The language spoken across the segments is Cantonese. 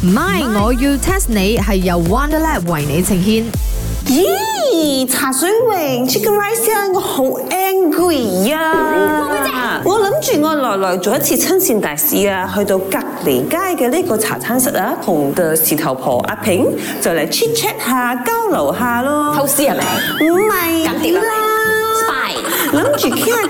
MY，我要 test 你係由 Wonderlab 為你呈現。咦，茶水榮，Chicken Rice 啊，我好 angry 啊！我諗住我來來做一次親善大使啊，去到隔籬街嘅呢個茶餐室啊，同嘅石頭婆阿平就嚟 chit chat 下交流下咯。偷師係咪？唔係。咁點咧？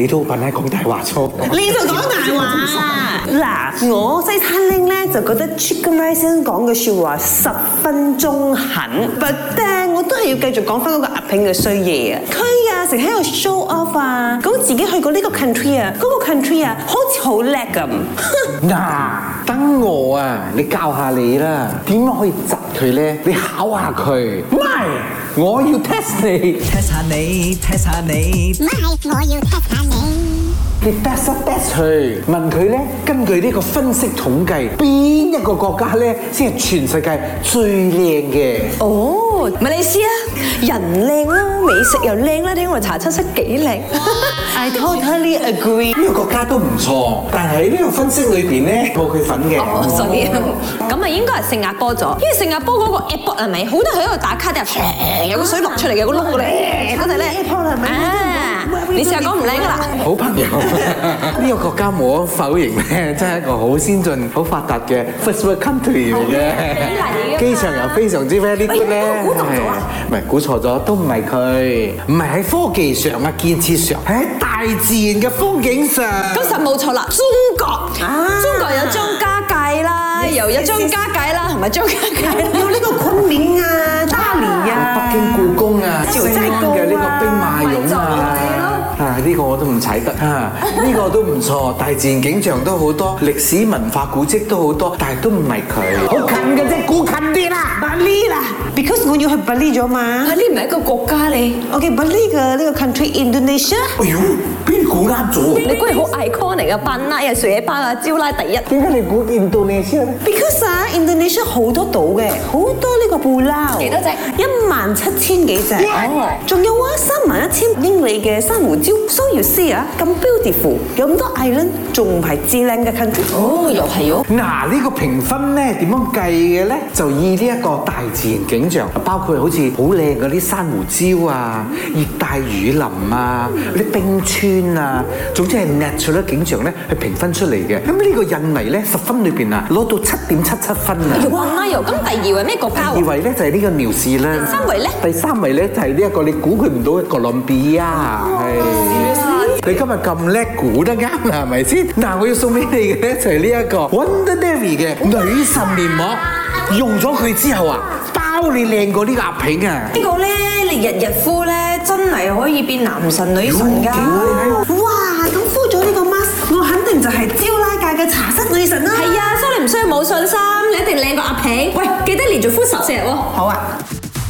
你都扮下講大話，錯。你就講大話啦！我西餐廳咧就覺得 Chicken Rice 講嘅説話十分中肯，但係我都係要繼續講翻嗰個阿平嘅衰嘢啊！佢啊成日喺度 show off 啊，噉自己去過呢個 country 啊，嗰個 country 啊好似好叻咁。嗱，等我啊，你教下你啦，點樣可以窒佢咧？你考下佢。My，我要 test 你。Test 下你，test 下你。My，我要 test。你 best 啊 best 去，問佢咧，根據呢個分析統計，邊一個國家咧先係全世界最靚嘅？哦，馬來西亞，人靚啦，美食又靚啦，聽我查七七幾靚。I totally agree，呢個國家都唔錯，但係喺呢個分析裏邊咧，冇佢份嘅。哦，所以咁啊，應該係聖亞波咗，因為聖亞波嗰個 airport 啊，咪好多人喺度打卡，有個水落出嚟，有個窿嘅，真係咧。你成日講唔靚噶啦！好朋友，呢個國家冇得否認咧，真係一個好先進、好發達嘅 first world country 嘅。機場又非常之 very 靚，呢啲咧係唔係？估錯咗，都唔係佢，唔係喺科技上啊，建設上，喺大自然嘅風景上。確實冇錯啦，中國，中國有張家界啦，又有張家界啦，同埋張家界啦，有呢個昆明啊、巴黎啊、北京故宮啊、西安嘅呢個兵馬俑啊。呢個我都唔踩得、啊、這呢個都唔錯。大自然景象都好多，歷史文化古跡都好多，但係都唔係佢，好近嘅啫，古近啲啦，百里啦，because 我要去 Bali 咗嘛？啊，呢唔係一個國家咧。OK，Bali 個呢個 country，Indonesia。哎呦，邊個啱咗？你講係好 iconic 嘅巴拿亞、雪邦啊、焦拉，拉第一。點解你講 Indonesia 咧？Because 啊，Indonesia 好多島嘅，好多呢個布撈。幾多隻？一萬七千幾隻哦。仲 Yeah. 有啊，三萬一千英里嘅珊瑚礁、so、you see, iful, s o y o u s e e 啊，咁 beautiful，有咁多 island，仲唔係知靚嘅 country？哦，又係喎、哦。嗱、啊，這個、評分呢個評分咧點樣計嘅咧？就以呢一個大自然景象。包括好似好靚嘅啲珊瑚礁啊、熱帶雨林啊、啲、嗯、冰川啊，總之係 natural 咧景象咧，去評分出嚟嘅。咁呢個印尼咧十分裏邊啊，攞到七點七七分啊！咁、哦、第二位咩國家？第二位咧就係、是、呢個妙視啦。三呢第三位咧？第三位咧就係呢一個你估佢唔到嘅哥倫比亞，係是哇你今日咁叻，估得啱㗎，係咪先？嗱、啊，我要送俾你嘅就係呢一個 Wonder Diary 嘅女神面膜，哇用咗佢之後啊！你靚過啲個阿平啊！這個呢個咧，你日日敷咧，真係可以變男神女神噶。呃呃呃、哇！咁敷咗呢個 mask，我肯定就係招拉界嘅茶室女神啦，啊。係啊，所以你唔需要冇信心，你一定靚過阿平。喂，記得連續敷十四日，啊、好啊。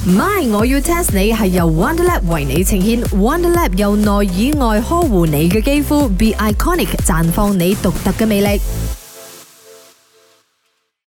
MY，我要 test 你係由 Wonderlab 為你呈現，Wonderlab 由內以外呵護你嘅肌膚，be iconic 綻放你獨特嘅魅力。